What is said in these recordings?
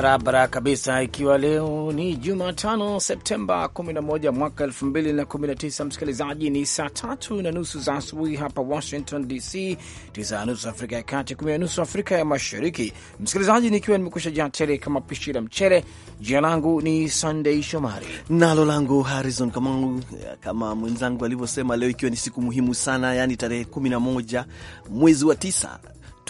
Barabara kabisa, ikiwa leo ni Jumatano Septemba 11 mwaka 2019, msikilizaji, ni saa tatu na nusu za asubuhi hapa Washington DC, tisa na nusu Afrika ya Kati, kumi na nusu Afrika ya Mashariki. Msikilizaji, nikiwa nimekusha jaa tele kama pishi la mchele. Jina langu ni Sandei Shomari nalo langu Harizon Kamau. Kama mwenzangu alivyosema, leo ikiwa ni siku muhimu sana, yani tarehe 11 mwezi wa 9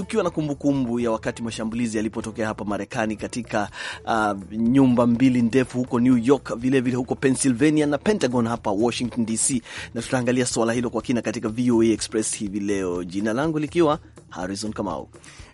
tukiwa na kumbukumbu kumbu ya wakati mashambulizi yalipotokea hapa Marekani katika uh, nyumba mbili ndefu huko New York, vilevile vile huko Pennsylvania na Pentagon hapa Washington DC, na tutaangalia suala hilo kwa kina katika VOA Express hivi leo, jina langu likiwa Harrison Kamau.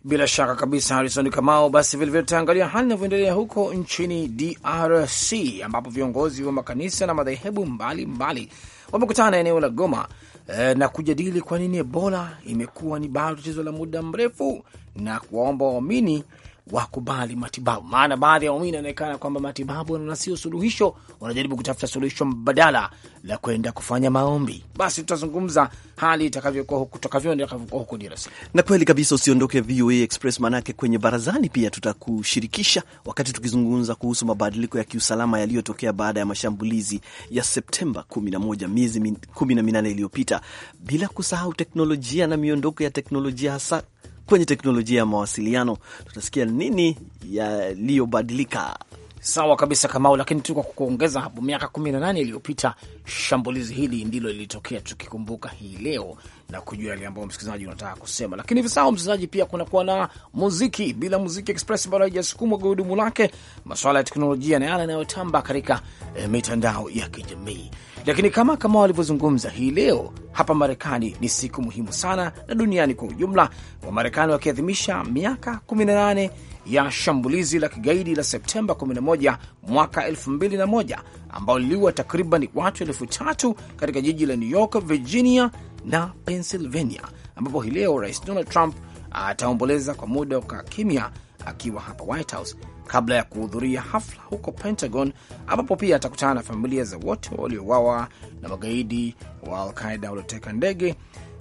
Bila shaka kabisa harizon Kamau. Basi vilevile tutaangalia hali inavyoendelea huko nchini DRC ambapo viongozi wa makanisa na madhehebu mbalimbali wamekutana eneo la Goma e, na kujadili kwa nini Ebola imekuwa ni bado tatizo la muda mrefu na kuwaomba waamini wakubali matibabu, maana baadhi ya waumini inaonekana kwamba matibabu na sio suluhisho, wanajaribu kutafuta suluhisho mbadala la kwenda kufanya maombi. Basi tutazungumza hali itakavyokuwa huku itakavyokuwa huko DRC. Na kweli kabisa, usiondoke VOA Express, maanake kwenye barazani pia tutakushirikisha wakati tukizungumza kuhusu mabadiliko ya kiusalama yaliyotokea baada ya mashambulizi ya Septemba 11 miezi 18 iliyopita, bila kusahau teknolojia na miondoko ya teknolojia hasa kwenye teknolojia ya mawasiliano, tutasikia nini yaliyobadilika Sawa kabisa Kamau, lakini tu kwa kuongeza hapo, miaka kumi na nane iliyopita shambulizi hili ndilo lilitokea, tukikumbuka hii leo na kujua yale ambayo msikilizaji unataka kusema. Lakini hivi sawa, msikilizaji, pia kunakuwa na muziki. Bila muziki Express bado haijasukumwa gurudumu lake, Maswala ya teknolojia na yale yanayotamba katika eh, mitandao ya kijamii. Lakini kama Kamau alivyozungumza, hii leo hapa Marekani ni siku muhimu sana na duniani kwa ujumla, Wamarekani wakiadhimisha miaka kumi na nane ya shambulizi la kigaidi la Septemba 11 mwaka 2001 ambao liliua takriban watu elfu tatu katika jiji la New York, Virginia na Pennsylvania, ambapo hii leo Rais Donald Trump ataomboleza kwa muda wa kimya akiwa hapa White House kabla ya kuhudhuria hafla huko Pentagon, ambapo pia atakutana na familia za wote waliowawa na magaidi wa Alqaida walioteka ndege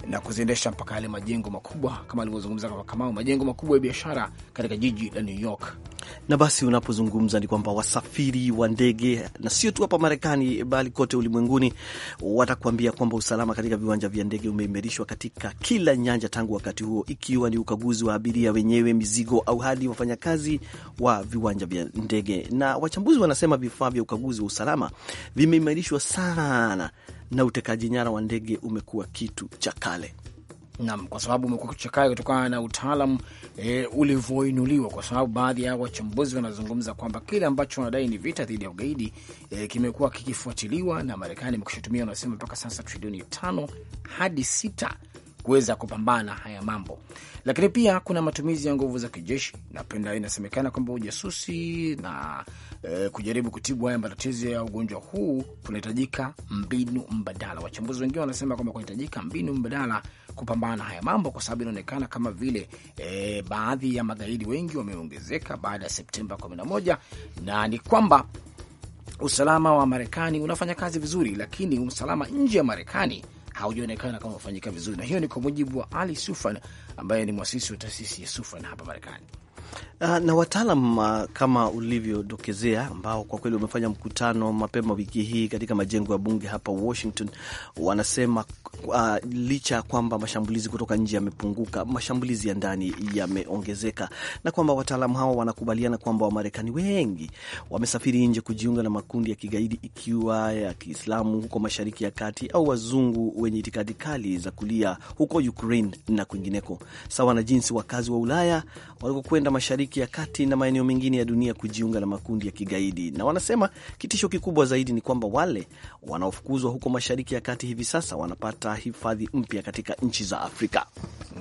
na kuziendesha mpaka yale majengo makubwa kama alivyozungumza kama Kamau, majengo makubwa ya biashara katika jiji la New York. Na basi unapozungumza ni kwamba wasafiri wa ndege na sio tu hapa Marekani bali kote ulimwenguni watakuambia kwamba usalama katika viwanja vya ndege umeimarishwa katika kila nyanja tangu wakati huo, ikiwa ni ukaguzi wa abiria wenyewe, mizigo au hadi wafanyakazi wa viwanja vya ndege. Na wachambuzi wanasema vifaa vya ukaguzi wa usalama vimeimarishwa sana na utekaji nyara wa ndege umekuwa kitu cha kale. Naam, kwa sababu umekuwa kichocheo kutokana na utaalam e, ulivyoinuliwa, kwa sababu baadhi ya wachambuzi wanazungumza kwamba kile ambacho wanadai ni vita dhidi ya ugaidi e, kimekuwa kikifuatiliwa na Marekani imekushatumia wanasema mpaka sasa trilioni tano hadi sita kuweza kupambana haya mambo, lakini pia kuna matumizi ya nguvu za kijeshi napenda, inasemekana kwamba ujasusi na e, kujaribu kutibu haya matatizo ya ugonjwa huu kunahitajika mbinu mbadala. Wachambuzi wengine wanasema kwamba kunahitajika mbinu mbadala kupambana haya mambo, kwa sababu inaonekana kama vile e, baadhi ya magaidi wengi wameongezeka baada ya Septemba 11 na ni kwamba usalama wa Marekani unafanya kazi vizuri, lakini usalama nje ya Marekani haujaonekana kama ufanyika vizuri, na hiyo ni kwa mujibu wa Ali Sufan ambaye ni mwasisi wa taasisi ya Sufan hapa Marekani. Ah, na wataalam ah, kama ulivyodokezea, ambao kwa kweli wamefanya mkutano mapema wiki hii katika majengo ya bunge hapa Washington, wanasema uh, licha ya kwamba mashambulizi kutoka nje yamepunguka, mashambulizi ya ndani yameongezeka, na kwamba wataalam hawa wanakubaliana kwamba Wamarekani wengi wamesafiri nje kujiunga na makundi ya kigaidi, ikiwa ya Kiislamu huko Mashariki ya Kati au wazungu wenye itikadi kali za kulia huko Ukraine na kwingineko, sawa na jinsi wakazi wa Ulaya walikokwenda Mashariki ya Kati na maeneo mengine ya dunia kujiunga na makundi ya kigaidi, na wanasema kitisho kikubwa zaidi ni kwamba wale wanaofukuzwa huko Mashariki ya Kati hivi sasa wanapata hifadhi mpya katika nchi za Afrika.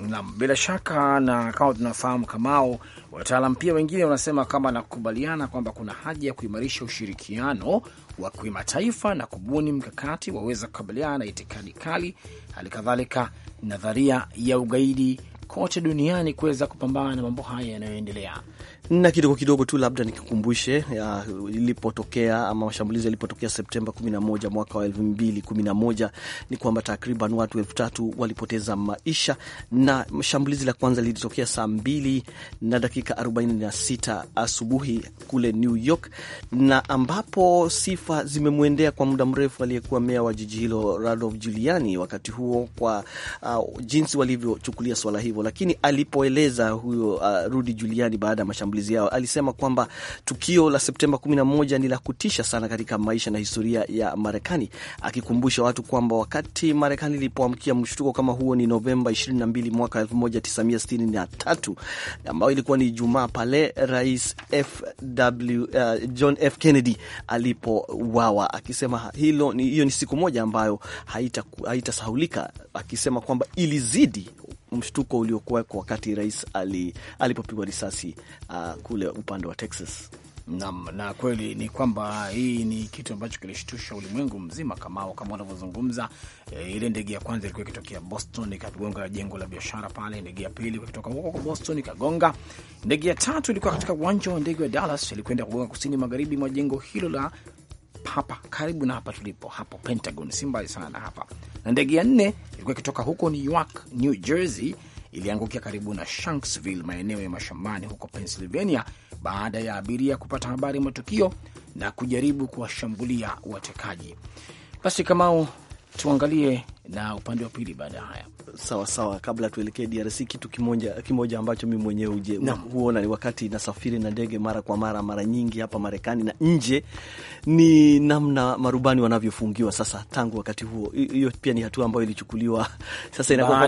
Naam, bila shaka, na kama tunafahamu, Kamao, wataalam pia wengine wanasema kama nakubaliana kwamba kuna haja ya kuimarisha ushirikiano wa kimataifa na kubuni mkakati waweza kukabiliana na itikadi kali, hali kadhalika nadharia ya ugaidi kote duniani kuweza kupambana na mambo haya yanayoendelea. Na kidogo kidogo tu labda nikikumbushe ilipotokea ama mashambulizi yalipotokea Septemba 11 mwaka wa 2011 ni kwamba takriban watu elfu tatu walipoteza maisha, na shambulizi la kwanza lilitokea saa 2 na dakika 46 asubuhi kule New York, na ambapo sifa zimemwendea kwa muda mrefu aliyekuwa meya wa jiji hilo Rudolph Giuliani wakati huo kwa uh, jinsi walivyochukulia swala hivyo lakini alipoeleza huyo uh, Rudi Juliani baada ya mashambulizi yao alisema kwamba tukio la Septemba 11 ni la kutisha sana katika maisha na historia ya Marekani, akikumbusha watu kwamba wakati Marekani ilipoamkia mshtuko kama huo ni Novemba 22 mwaka 1963 ambayo ilikuwa ni Ijumaa pale Rais FW, uh, John F Kennedy alipowawa, akisema hilo ni hiyo ni siku moja ambayo haitasahulika haita, akisema kwamba ilizidi mshtuko uliokuwekwa wakati rais ali, alipopigwa risasi uh, kule upande wa Texas. Nam, na kweli ni kwamba hii ni kitu ambacho kilishtusha ulimwengu mzima, kamao kama wanavyozungumza. E, eh, ile ndege ya kwanza ilikuwa ikitokea Boston ikagonga jengo la biashara pale. Ndege ya pili kutoka huko kwa Boston ikagonga. Ndege ya tatu ilikuwa katika uwanja wa ndege wa Dallas, ilikwenda kugonga kusini magharibi mwa jengo hilo la hapa karibu na hapa tulipo, hapo Pentagon, si mbali sana na hapa. Na ndege ya nne ilikuwa ikitoka huko New York, New Jersey, iliangukia karibu na Shanksville, maeneo ya mashambani huko Pennsylvania, baada ya abiria kupata habari ya matukio na kujaribu kuwashambulia watekaji. Basi Kamau, tuangalie na upande wa pili baada ya haya. Sawa sawa, kabla tuelekee DRC, kitu kimoja kimoja ambacho mi mwenyewe uje huona ni wakati nasafiri na ndege mara kwa mara, mara nyingi hapa Marekani na nje, ni namna marubani wanavyofungiwa sasa tangu wakati huo. Hiyo pia ni hatua ambayo ilichukuliwa sasa, inakuwa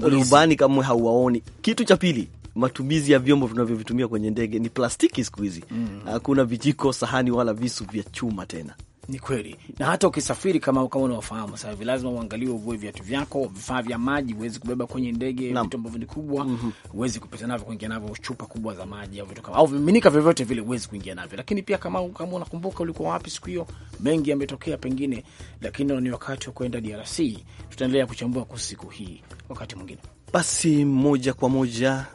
rubani kamwe hauwaoni. Kitu cha pili matumizi ya vyombo vinavyovitumia kwenye ndege ni plastiki siku hizi, mm. hakuna mm. vijiko, sahani wala visu vya chuma tena. Ni kweli, na hata ukisafiri kama kama unaofahamu sasa hivi, lazima uangalie uvue viatu vyako, vifaa vya maji huwezi kubeba kwenye ndege, vitu ambavyo ni kubwa mhm. huwezi mm -hmm. kupita navyo, kuingia navyo, chupa kubwa za maji au vitu kama au vimiminika vyovyote vile huwezi kuingia navyo. Lakini pia kama kama unakumbuka ulikuwa wapi siku hiyo, mengi yametokea pengine, lakini ni wakati wa kwenda DRC. Tutaendelea kuchambua kwa siku hii wakati mwingine. Basi moja kwa moja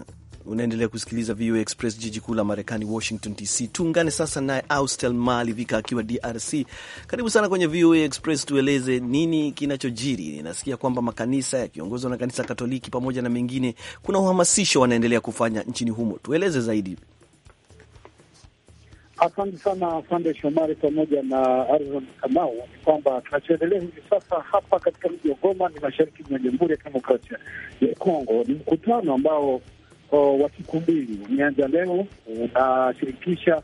Unaendelea kusikiliza VOA Express, jiji kuu la Marekani, Washington DC. Tuungane sasa naye Austel Malivika akiwa DRC. Karibu sana kwenye VOA Express, tueleze nini kinachojiri. inasikia kwamba makanisa yakiongozwa na kanisa Katoliki pamoja na mengine, kuna uhamasisho wanaendelea kufanya nchini humo, tueleze zaidi. Asante sana Sande Shomari pamoja na Arizon Kamau. Ni kwamba tunachoendelea hivi sasa hapa katika mji wa Goma ni mashariki mwa Jamhuri ya Kidemokrasia ya Kongo ni mkutano ambao wa siku mbili umeanza leo, unashirikisha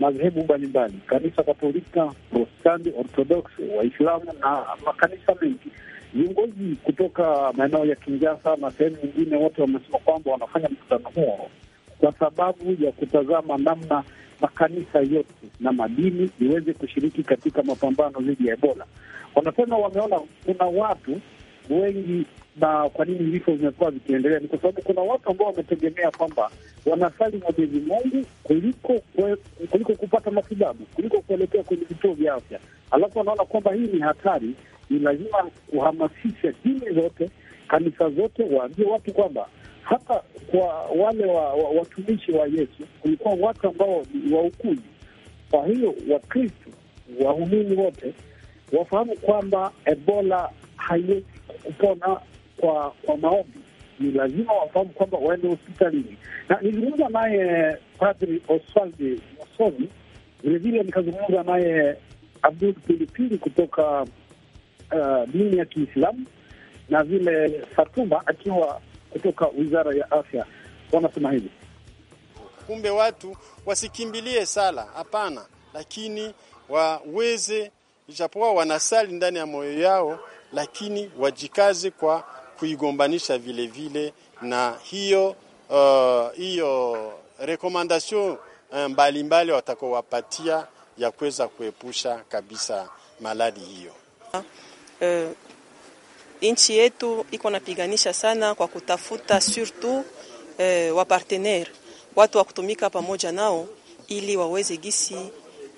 madhehebu mbalimbali, kanisa Katolika, Protestanti, Orthodox, Waislamu na makanisa mengi. Viongozi kutoka maeneo ya Kinjasa na sehemu nyingine, wote wamesema kwamba wanafanya mkutano huo kwa sababu ya kutazama namna makanisa yote na madini iweze kushiriki katika mapambano dhidi ya Ebola. Wanasema wameona kuna watu wengi na kwa nini vifo vimekuwa vikiendelea ni kwa sababu kuna watu ambao wametegemea kwamba wanasali Mwenyezi Mungu kuliko kwe, kuliko kupata matibabu kuliko kuelekea kwenye vituo vya afya, alafu wanaona kwamba hii ni hatari. Ni lazima kuhamasisha dini zote, kanisa zote, waambie watu kwamba hata kwa wale wa, wa, watumishi wa Yesu kulikuwa watu ambao ni waukuli. Kwa hiyo Wakristo waumini wote wafahamu kwamba Ebola haiwezi kupona kwa kwa maombi, ni lazima wafahamu kwamba waende hospitalini. Na nilizungumza naye Padri Oswaldi Mosoni, vilevile nikazungumza naye Abdul Pilipili kutoka uh, dini ya Kiislamu na vile Fatuma akiwa kutoka wizara ya afya. Wanasema hivi, kumbe watu wasikimbilie sala, hapana, lakini waweze ijapokuwa wanasali ndani ya moyo yao lakini wajikaze kwa kuigombanisha vile vile na hiyo uh, hiyo rekomandasyon uh, mbalimbali watakowapatia ya kuweza kuepusha kabisa maladi hiyo. Uh, nchi yetu iko napiganisha sana kwa kutafuta surtout uh, partenaire watu wa kutumika pamoja nao ili waweze gisi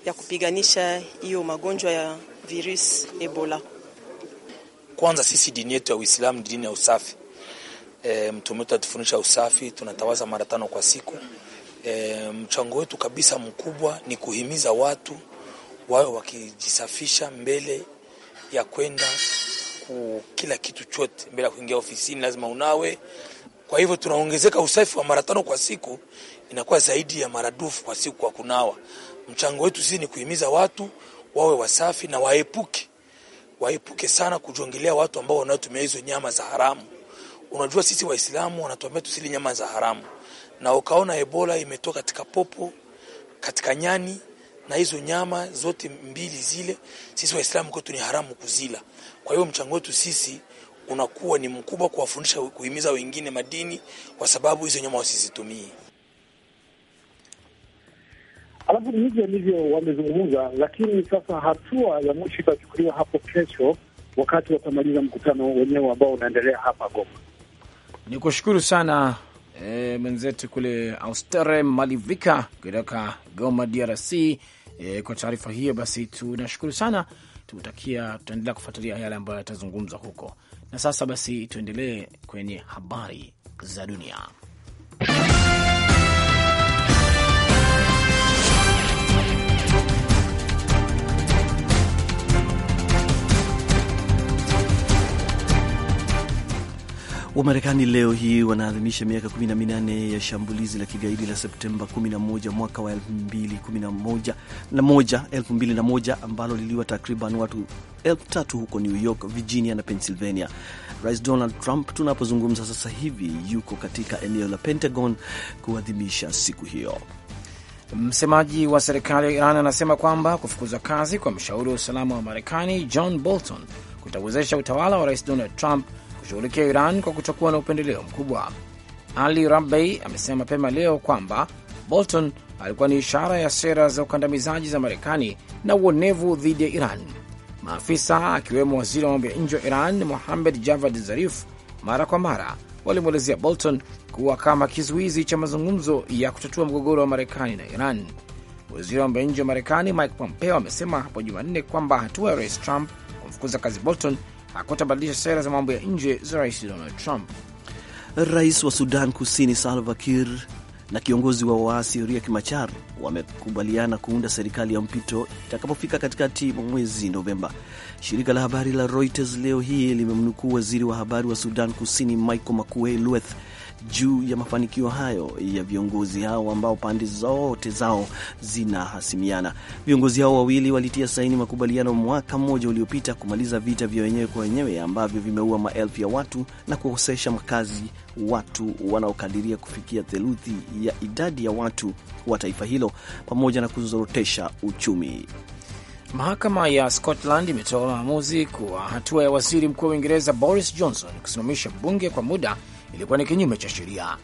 ya kupiganisha hiyo magonjwa ya virus Ebola kwanza sisi dini yetu ya Uislamu ni dini ya usafi. E, mtume wetu atufundisha usafi, tunatawaza mara tano kwa siku. E, mchango wetu kabisa mkubwa ni kuhimiza watu wawe wakijisafisha mbele ya kwenda ku kila kitu chote, mbele ya kuingia ofisini lazima unawe. Kwa hivyo tunaongezeka usafi wa mara tano kwa siku, inakuwa zaidi ya maradufu kwa siku kwa kunawa. Mchango wetu sisi ni kuhimiza watu wawe wasafi na waepuke waepuke sana kujongelea watu ambao wanaotumia hizo nyama za haramu. Unajua sisi Waislamu wanatuambia tusili nyama za haramu, na ukaona Ebola imetoka katika popo, katika nyani na hizo nyama zote mbili zile, sisi Waislamu kwetu ni haramu kuzila. Kwa hiyo mchango wetu sisi unakuwa ni mkubwa kuwafundisha, kuhimiza wengine madini, kwa sababu hizo nyama wasizitumie alafu hivyo nivyo wamezungumza, lakini sasa hatua ya mwisho itachukuliwa hapo kesho wakati watamaliza mkutano wenyewe ambao unaendelea hapa Goma. Ni kushukuru sana e, mwenzetu kule Austere Malivika kutoka Goma, DRC e, eh, kwa taarifa hiyo. Basi tunashukuru sana, tutakia tutaendelea kufuatilia yale ambayo yatazungumzwa huko. Na sasa basi tuendelee kwenye habari za dunia. Wamarekani leo hii wanaadhimisha miaka 18 ya shambulizi la kigaidi la Septemba 11 mwaka wa 2001 ambalo liliwa takriban watu elfu tatu huko New York, Virginia na Pennsylvania. Rais Donald Trump tunapozungumza sasa hivi yuko katika eneo la Pentagon kuadhimisha siku hiyo. Msemaji wa serikali ya Iran anasema kwamba kufukuzwa kazi kwa mshauri wa usalama wa Marekani John Bolton kutawezesha utawala wa Rais Donald Trump kushughulikia Iran kwa kutokuwa na upendeleo mkubwa. Ali Rabey amesema mapema leo kwamba Bolton alikuwa ni ishara ya sera za ukandamizaji za Marekani na uonevu dhidi ya Iran. Maafisa akiwemo waziri wa mambo ya nje wa Iran Mohamed Javad Zarif mara kwa mara walimwelezea Bolton kuwa kama kizuizi cha mazungumzo ya kutatua mgogoro wa Marekani na Iran. Waziri wa mambo ya nje wa Marekani Mike Pompeo amesema hapo Jumanne kwamba hatua ya rais Trump kumfukuza kazi Bolton hakutabadilisha sera za mambo ya nje za Rais Donald Trump. Rais wa Sudan Kusini Salva Kiir na kiongozi wa waasi Riek Machar wamekubaliana kuunda serikali ya mpito itakapofika katikati mwa mwezi Novemba. Shirika la habari la Reuters leo hii limemnukuu waziri wa habari wa Sudan Kusini Michael Makuei Lueth juu ya mafanikio hayo ya viongozi hao ambao pande zote zao zinahasimiana. Viongozi hao wawili walitia saini makubaliano mwaka mmoja uliopita kumaliza vita vya wenyewe kwa wenyewe ambavyo vimeua maelfu ya watu na kuwakosesha makazi watu wanaokadiria kufikia theluthi ya idadi ya watu wa taifa hilo pamoja na kuzorotesha uchumi. Mahakama ya Scotland imetoa maamuzi kuwa hatua ya waziri mkuu wa Uingereza Boris Johnson kusimamisha bunge kwa muda ilikuwa ni kinyume cha sheria.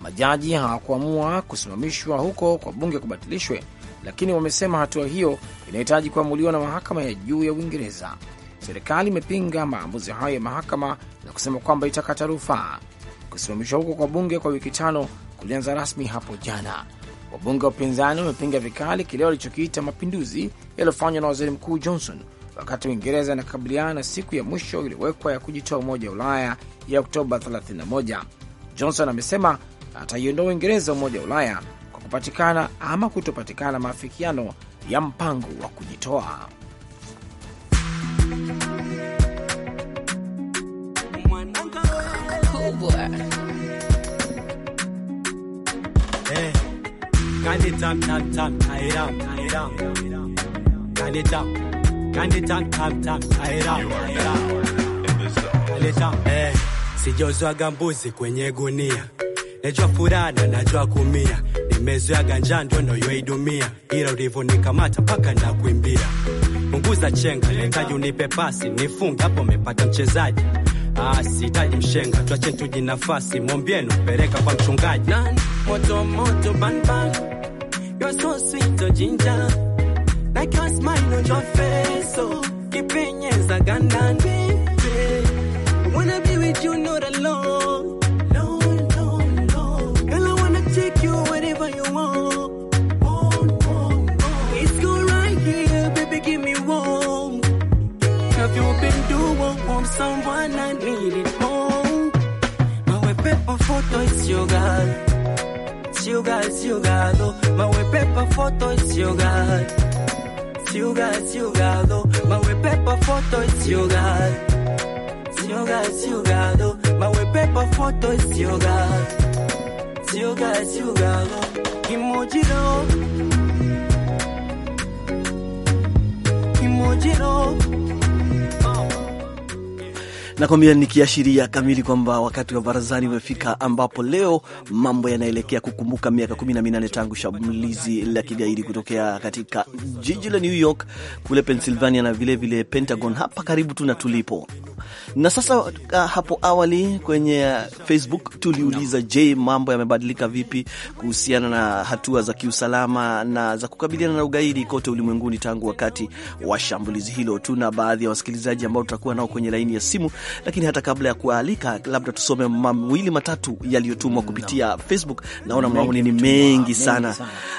Majaji hawakuamua kusimamishwa huko kwa bunge kubatilishwe, lakini wamesema hatua hiyo inahitaji kuamuliwa na mahakama ya juu ya Uingereza. Serikali imepinga maamuzi hayo ya mahakama na kusema kwamba itakata rufaa. Kusimamishwa huko kwa bunge kwa wiki tano kulianza rasmi hapo jana. Wabunge wa upinzani wamepinga vikali kile walichokiita mapinduzi yaliyofanywa na waziri mkuu Johnson wakati Uingereza inakabiliana na siku ya mwisho iliyowekwa ya kujitoa Umoja wa Ulaya ya Oktoba 31. Johnson amesema ataiondoa Uingereza Umoja wa Ulaya kwa kupatikana ama kutopatikana maafikiano ya mpango wa kujitoa. Hey. Eh, sijozwaga mbuzi kwenye gunia, najua furana, najua kumia, nimezoea ganja ndo ila ulivyonikamata mpaka na kuimbia punguza chenga, nahitaji unipe pasi nifunge hapo, umepata mchezaji Ah, sitaji mshenga, tuache tuji nafasi, mwambieni peleka kwa mchungaji. Nani moto moto ban ban, you're so sweet oh ginger I can't smile on your face, so kipenyeza gandani. Wanna be with you, not alone. No, no, no. Girl, I wanna take you wherever you want. Oh, oh, oh. It's cool right here, baby, give me warm. Have you been doing warm? Someone I need it more. My pepa photo, it's your girl. It's your girl, it's your girl. Oh. Mawe pepa photo, it's your girl. Sugar, sugar, though. way paper photo is sugar. Sugar, sugar, though. way paper photo is sugar. you got, though. Emoji, no. Emoji, no. Nakwambia nikiashiria kamili kwamba wakati wa barazani umefika, ambapo leo mambo yanaelekea kukumbuka miaka kumi na minane tangu shambulizi la kigaidi kutokea katika jiji la New York kule Pennsylvania na vilevile vile Pentagon hapa karibu tu na tulipo na sasa. Ah, hapo awali kwenye Facebook tuliuliza, je, mambo yamebadilika vipi kuhusiana na hatua za kiusalama na za kukabiliana na ugaidi kote ulimwenguni tangu wakati wa shambulizi hilo. Tuna baadhi ya wasikilizaji ambao tutakuwa nao kwenye laini ya simu lakini hata kabla ya kualika, labda tusome mawili matatu yaliyotumwa mm, kupitia Facebook. Naona maoni ni mengi sana.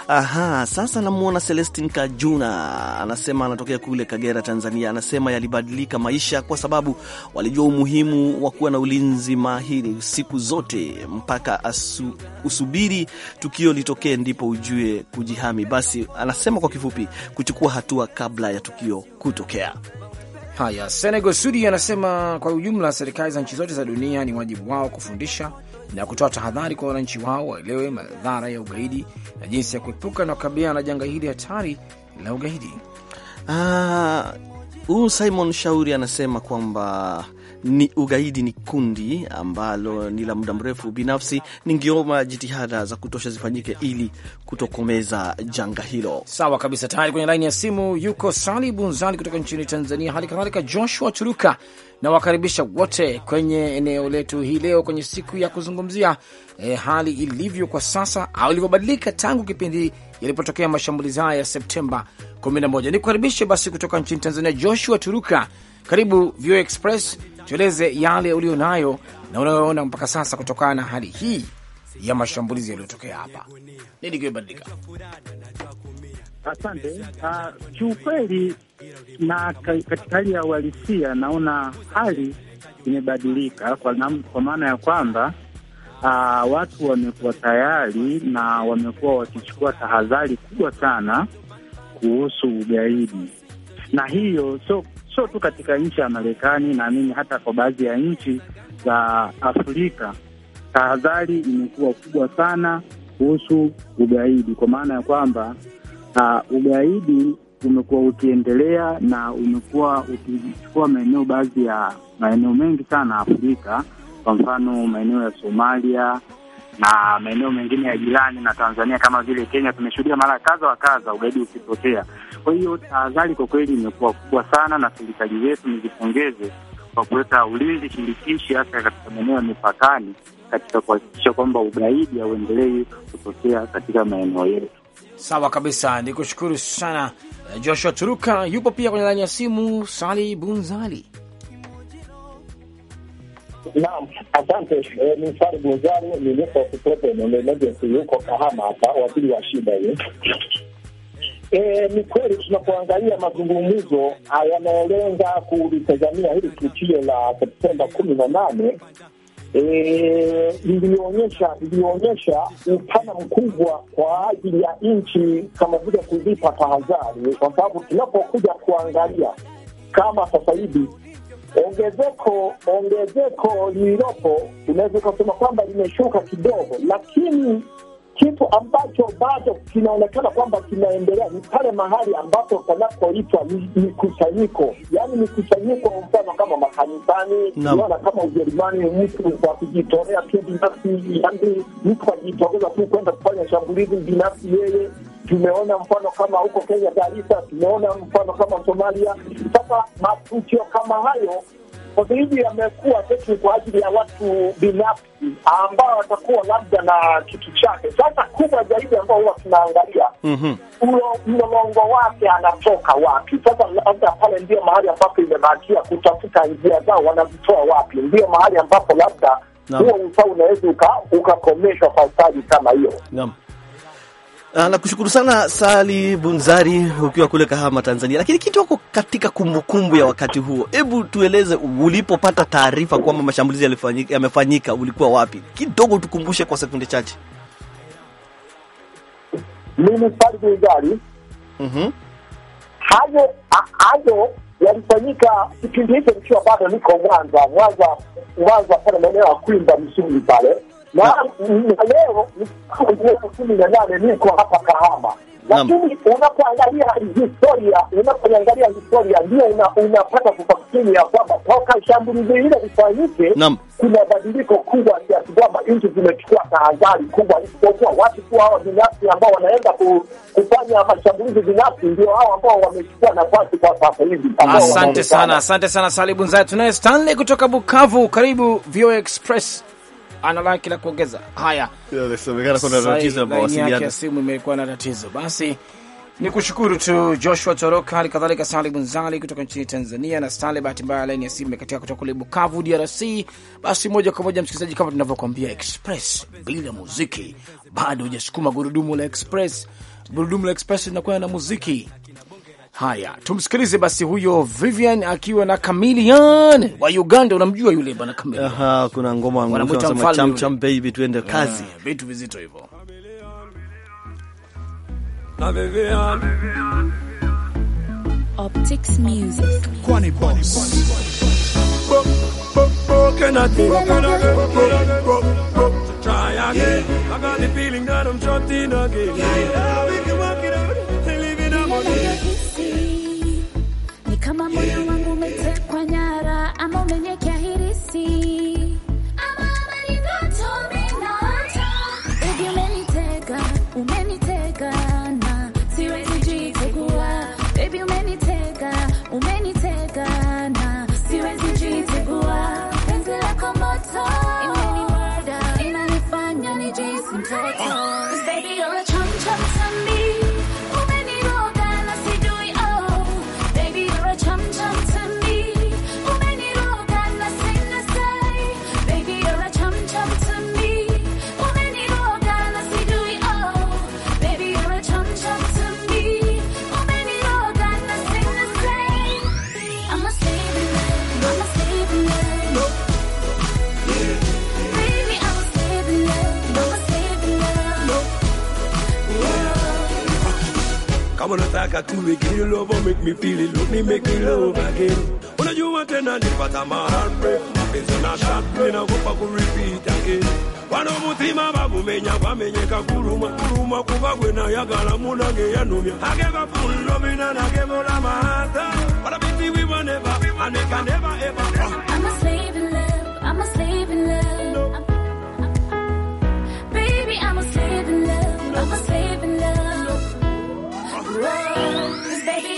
Aha, sasa namwona Celestin Kajuna anasema, anatokea kule Kagera, Tanzania. Anasema yalibadilika maisha kwa sababu walijua umuhimu wa kuwa na ulinzi mahiri siku zote mpaka asu, usubiri tukio litokee ndipo ujue kujihami. Basi anasema kwa kifupi, kuchukua hatua kabla ya tukio kutokea. Haya, Senego Sudi anasema kwa ujumla, serikali za nchi zote za dunia ni wajibu wao kufundisha na kutoa tahadhari kwa wananchi wao waelewe madhara ya ugaidi na jinsi ya kuepuka na kukabiliana na janga hili hatari la ugaidi. Ah, huu uh, Simon Shauri anasema kwamba ni ugaidi ni kundi ambalo ni la muda mrefu. Binafsi ningeomba jitihada za kutosha zifanyike ili kutokomeza janga hilo. Sawa kabisa. Tayari kwenye laini ya simu yuko Sali Bunzali kutoka nchini Tanzania, hali kadhalika Joshua Turuka. Nawakaribisha wote kwenye eneo letu hii leo kwenye siku ya kuzungumzia eh, hali ilivyo kwa sasa au ilivyobadilika tangu kipindi yalipotokea mashambulizi haya ya Septemba 11. Nikukaribishe basi kutoka nchini Tanzania, Joshua Turuka, karibu VOA Express tueleze yale ulionayo na unayoona mpaka sasa kutokana na hali hii ya mashambulizi yaliyotokea hapa, nini kimebadilika? Asante. Uh, kiukweli na katika hali ya uhalisia naona hali imebadilika kwa, kwa maana ya kwamba uh, watu wamekuwa tayari na wamekuwa wakichukua tahadhari kubwa sana kuhusu ugaidi, na hiyo sio sio tu katika nchi ya Marekani, naamini hata kwa baadhi ya nchi za Afrika, tahadhari imekuwa kubwa sana kuhusu ugaidi, kwa maana ya kwamba uh, ugaidi umekuwa ukiendelea na umekuwa ukichukua maeneo baadhi ya maeneo mengi sana Afrika, kwa mfano maeneo ya Somalia, na maeneo mengine ya jirani na Tanzania kama vile Kenya, tumeshuhudia mara kadha wa kadha ugaidi ukitokea Kwa hiyo tahadhari kwa kweli imekuwa kubwa sana, na serikali zetu nizipongeze kwa kuweka ulinzi shirikishi hasa katika maeneo ya mipakani katika kuhakikisha kwamba ugaidi hauendelei kutokea katika maeneo yetu. Sawa kabisa, ni kushukuru sana Joshua Turuka. Yupo pia kwenye laini ya simu Sali Bunzali. Naam, asante. Eh, ni Fari Buzari, nilipo kutoka na emergency huko Kahama hapa, waziri wa shida hiyo. E, ni kweli tunapoangalia mazungumzo yanayolenga kulitazamia hili tukio la Septemba kumi na nane eh, ilionyesha ilionyesha upana mkubwa kwa ajili ya nchi kama vile kuzipa tahadhari, kwa sababu tunapokuja kuangalia kama sasa hivi ongezeko ongezeko lililopo unaweza ukasema kwamba limeshuka kidogo, lakini kitu ambacho bado kinaonekana kwamba kinaendelea ni pale mahali ambapo panapoitwa mikusanyiko, yaani mikusanyiko, mfano kama makanisani, unaona kama Ujerumani, mtu wa kujitolea tu binafsi, yaani mtu ajitokeza tu kwenda kufanya shambulizi binafsi yeye tumeona mfano kama huko Kenya Garissa, tumeona mfano kama Somalia. Sasa matukio kama hayo Kozi hivi yamekuwa tu kwa ajili ya watu binafsi ambao watakuwa labda na kitu chake. Sasa kubwa zaidi ambao huwa tunaangalia mm -hmm. wake anatoka wapi? Sasa labda pale ndio mahali ambapo imebakia kutafuta njia zao wanazitoa wapi, ndio mahali ambapo labda huo usaa unaweza ukakomeshwa kwa ustadi kama hiyo. no. Ah, Nakushukuru sana Sali Bunzari ukiwa kule Kahama, Tanzania. Lakini kitoko katika kumbukumbu kumbu ya wakati huo, hebu tueleze ulipopata taarifa kwamba mashambulizi yamefanyika, ulikuwa wapi? Kidogo tukumbushe kwa sekunde chache. Mimi Sali Bunzari, mhm, hayo hayo yalifanyika kipindi hicho nikiwa bado niko Mwanza, Mwanza, Mwanza pale maeneo ya Kwimba Misuli pale na leo kumi na nane niko hapa Kahama, lakini unapoangalia historia, unapoangalia historia ndio unapata kufahamu ya kwamba toka shambulizi hilo lifanyike, kuna badiliko kubwa kiasi kwamba nchi zimechukua tahadhari kubwa, isipokuwa watu tu hao binafsi ambao wanaenda kufanya mashambulizi binafsi, ndio hao ambao wamechukua nafasi kwa sasa hivi. Asante sana, asante sana Salibunzai. Tunaye Stanley kutoka Bukavu, karibu VOA Express ana laki la kuongeza. Haya, yake ya simu imekuwa na tatizo. Basi ni kushukuru tu Joshua Toroka, hali kadhalika Sali Bunzali kutoka nchini Tanzania na Stanley. Bahati mbaya laini ya simu imekatika kutoka kule Bukavu, DRC. Basi moja kwa moja, msikilizaji, kama tunavyokwambia Express bila muziki, bado hujasukuma gurudumu la Express. Gurudumu la Express linakuwa na muziki Haya, tumsikilize basi huyo Vivian akiwa na Chameleone wa Uganda. Unamjua yule bwana Chameleone? Aha, kuna ngoma wanasema cham cham baby, tuende eh, kazi, vitu vizito hivyo na Vivian Optics Music kwani boss Come on, attack a two week kill over, make me feel it, love me, make me love again. When you want to know but I'm a heartbreak, my face on a shot, me no go back repeat again. vanomutima vagumenya vamenyeka kuruma kuruma kuvagwena yagara munange yanomya akekafunlomina nakevola mahata varabitiwivaneva aneka neva eva I'm a slave in love, I'm a slave in love. baby.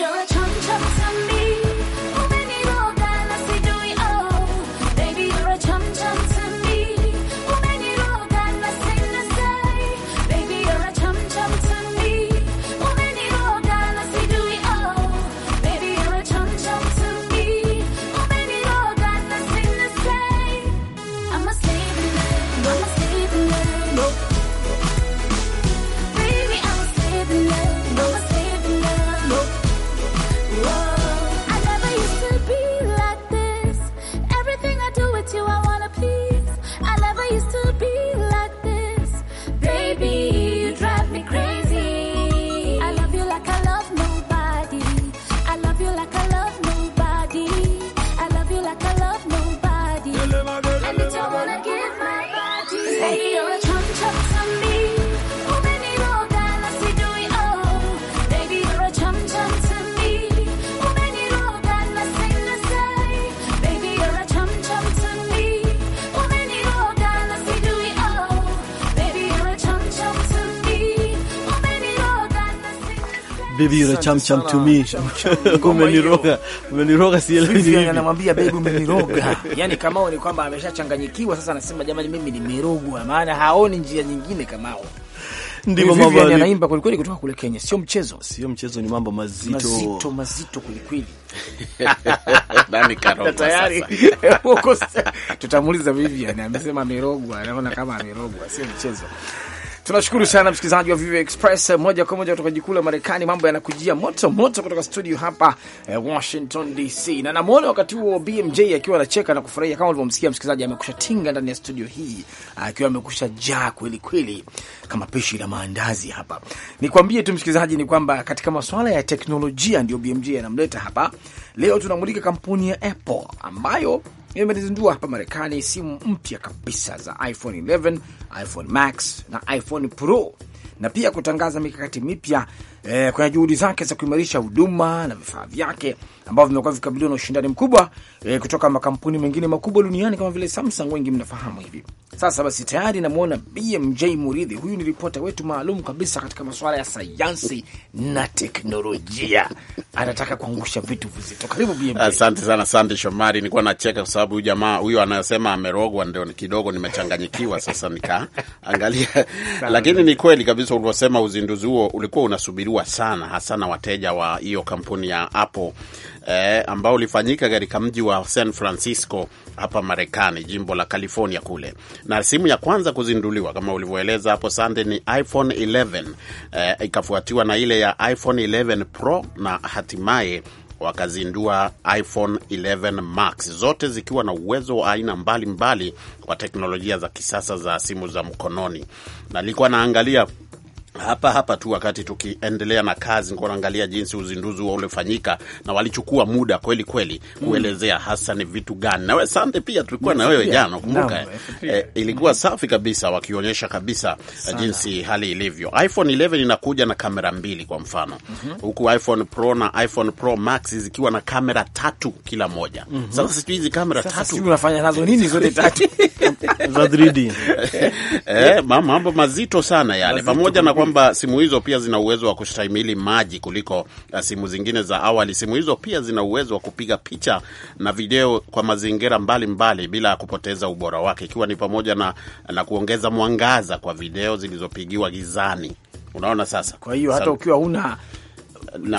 vile cham cham to me. Umeniroga. Umeniroga sielewi nini. Anamwambia baby umeniroga. Yaani Kamao ni kwamba ameshachanganyikiwa sasa, anasema jamani, mimi nimerogwa, maana haoni njia nyingine kama hao Ndivyo mambo anaimba kweli kweli kutoka kule Kenya, sio mchezo, sio mchezo, ni mambo mazito mazito mazito kweli kweli. Nani karoga tayari? Tutamuuliza Vivian, amesema amerogwa, anaona kama amerogwa, sio mchezo. Tunashukuru sana msikilizaji wa Vivo Express eh, moja kwa moja kutoka jikuu la Marekani. Mambo yanakujia moto moto kutoka studio hapa eh, Washington DC, na namwona wakati huo BMJ akiwa anacheka na kufurahia kama ulivyomsikia msikilizaji, amekusha tinga ndani ya studio hii eh, akiwa amekusha jaa kweli kweli kama pishi la maandazi hapa. Nikwambie tu msikilizaji ni kwamba katika masuala ya teknolojia ndio BMJ anamleta hapa leo. Tunamulika kampuni ya Apple ambayo imezindua hapa Marekani simu mpya kabisa za iPhone 11, iPhone Max na iPhone Pro na pia kutangaza mikakati mipya eh, kwenye juhudi zake za kuimarisha huduma na vifaa vyake ambavyo vimekuwa vikabiliwa na ushindani mkubwa eh, kutoka makampuni mengine makubwa duniani kama vile Samsung, wengi mnafahamu hivi. Sasa basi tayari namwona BMJ Muridhi, huyu ni ripota wetu maalum kabisa katika masuala ya sayansi na teknolojia, anataka kuangusha vitu vizito. Karibu BMJ. Asante sana Sande Shomari, nilikuwa nacheka kwa sababu huyu jamaa huyu anayosema amerogwa, ndio kidogo nimechanganyikiwa sasa nikaangalia, lakini ni kweli kabisa ulivyosema, uzinduzi huo ulikuwa unasubiriwa kubwa sana hasa na wateja wa hiyo kampuni ya Apple eh, ambao ulifanyika katika mji wa San Francisco hapa Marekani, jimbo la California kule. Na simu ya kwanza kuzinduliwa kama ulivyoeleza hapo Sunday ni iPhone 11 eh, ikafuatiwa na ile ya iPhone 11 Pro na hatimaye wakazindua iPhone 11 Max, zote zikiwa na uwezo wa aina mbalimbali wa teknolojia za kisasa za simu za mkononi. Na nilikuwa naangalia hapa hapa tu wakati tukiendelea na kazi, nikuwa naangalia jinsi uzinduzi huo ulifanyika, na walichukua muda kweli kweli kuelezea hasa ni vitu gani. Nawe sante pia tulikuwa na wewe jana, kumbuka eh, eh, ilikuwa safi kabisa, wakionyesha kabisa eh, Sana. jinsi hali ilivyo. iPhone 11 inakuja na kamera mbili kwa mfano mm -hmm. huku iPhone Pro na iPhone Pro Max zikiwa na kamera tatu kila moja mm -hmm. Sasa siku hizi kamera tatu unafanya nazo nini zote tatu za 3D eh, mambo mazito sana yale, pamoja na kwa kwamba simu hizo pia zina uwezo wa kustahimili maji kuliko uh, simu zingine za awali. Simu hizo pia zina uwezo wa kupiga picha na video kwa mazingira mbalimbali mbali, bila kupoteza ubora wake, ikiwa ni pamoja na, na kuongeza mwangaza kwa video zilizopigiwa gizani. Unaona sasa, kwa hiyo hata ukiwa una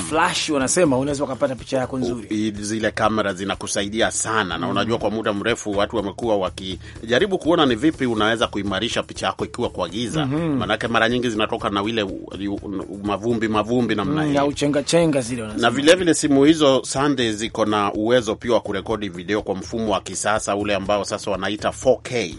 flash wanasema unaweza ukapata picha yako nzuri. Zile kamera zinakusaidia sana, na mm, unajua kwa muda mrefu watu wamekuwa wakijaribu kuona ni vipi unaweza kuimarisha picha yako ikiwa kwa giza mm -hmm. Maanake mara nyingi zinatoka na wile mavumbi mavumbi namna mm, uchenga chenga zile wanasema. Na vilevile vile simu hizo sande ziko na uwezo pia wa kurekodi video kwa mfumo wa kisasa ule ambao sasa wanaita 4K.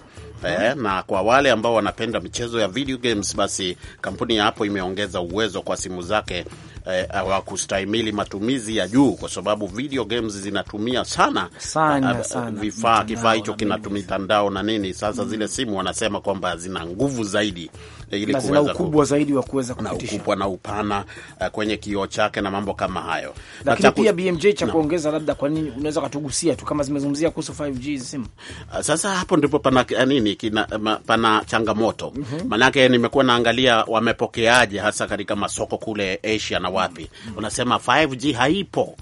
Eh, mm-hmm. na kwa wale ambao wanapenda michezo ya video games basi kampuni ya hapo imeongeza uwezo kwa simu zake eh, hawakustahimili matumizi ya juu, kwa sababu video games zinatumia sana, sana, eh, sana, vifaa kifaa hicho kinatumia mitandao na nini. Sasa mm, zile simu wanasema kwamba zina nguvu zaidi eh, ili kuweza ukubwa zaidi wa kuweza kupitisha na ukubwa na upana uh, kwenye kioo chake na mambo kama hayo, lakini na chaku... pia BMJ cha kuongeza labda, kwa nini unaweza katugusia tu kama zimezungumzia kuhusu 5G simu uh, sasa hapo ndipo pana uh, nini kina, pana changamoto mm -hmm. Manake nimekuwa naangalia wamepokeaje hasa katika masoko kule Asia na na wapi. Unasema 5G haipo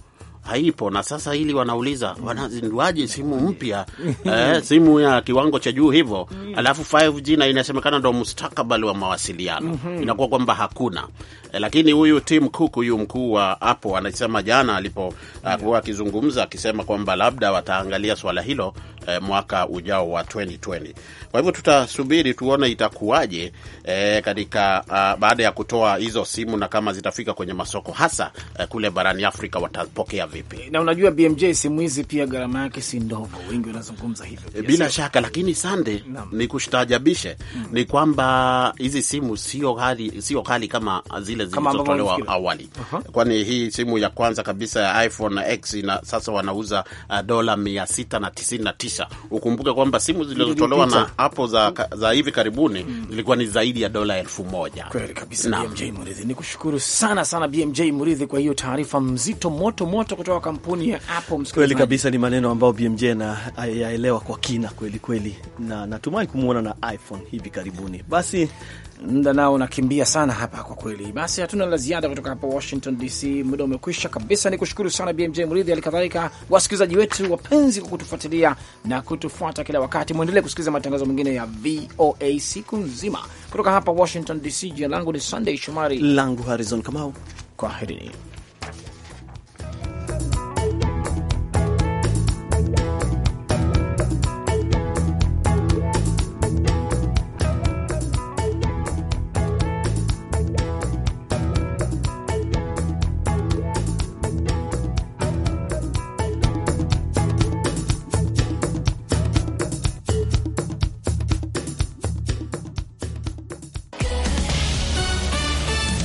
haipo na sasa, hili wanauliza wanazinduaje simu mpya eh, simu ya kiwango cha juu hivyo, alafu 5G na inasemekana ndo mustakabali wa mawasiliano mhm. Inakuwa kwamba hakuna eh, lakini huyu Tim Cook huyu mkuu wa Apple anasema jana alipokuwa akizungumza akisema kwamba labda wataangalia swala hilo eh, mwaka ujao wa 2020. Kwa hivyo tutasubiri tuone itakuwaje eh, katika uh, baada ya kutoa hizo simu na kama zitafika kwenye masoko hasa eh, kule barani Afrika watapokea vipi. Na unajua BMJ, simu hizi pia gharama yake si ndogo, wengi wanazungumza hivyo bila shaka lakini sande ni kushtajabishe mm -hmm. ni kwamba hizi simu sio ghali, sio ghali kama zile zilizotolewa awali uh -huh. kwani hii simu ya kwanza kabisa ya iPhone X na sasa wanauza uh, dola 699 kabisa. Ukumbuke kwamba simu zilizotolewa na hapo za, za hivi karibuni mm. zilikuwa ni zaidi ya dola elfu moja. Kweli kabisa na BMJ Muridhi, ni kushukuru sana sana BMJ Muridhi kwa hiyo taarifa mzito moto moto kutoka kampuni ya Apple. Kweli kabisa ni maneno ambayo BMJ yaelewa kwa kina kweli kweli, na natumai kumwona na iPhone hivi karibuni. Basi muda nao unakimbia sana hapa kwa kweli. Basi hatuna la ziada kutoka hapa Washington DC, muda umekwisha kabisa. Ni kushukuru sana BMJ Mridhi, halikadhalika wasikilizaji wetu wapenzi kwa kutufuatilia na kutufuata kila wakati. Mwendelee kusikiliza matangazo mengine ya VOA siku nzima kutoka hapa Washington DC. Jina langu ni Sunday Shomari, langu Harizon Kamau. Kwaherini.